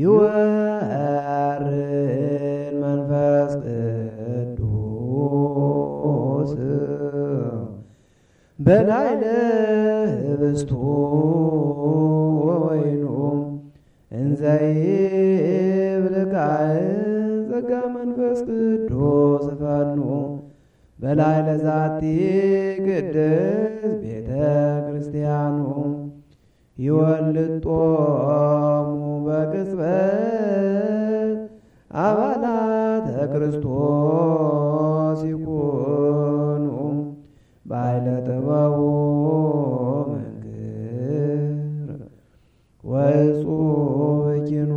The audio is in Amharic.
ይወርን መንፈስ ቅዱስ በላይለ ህብስቱ ወወይኑ እንዘይብልቃል ጸጋ መንፈስ ቅዱስ ፈኑ ዛቲ ቅድስ ቤተ ክርስቲያኑ ይወልጦሙ አባላተ ክርስቶስ ይኩኑ ባይለ ጥበቡ መንክር ወይጹ በኪኑ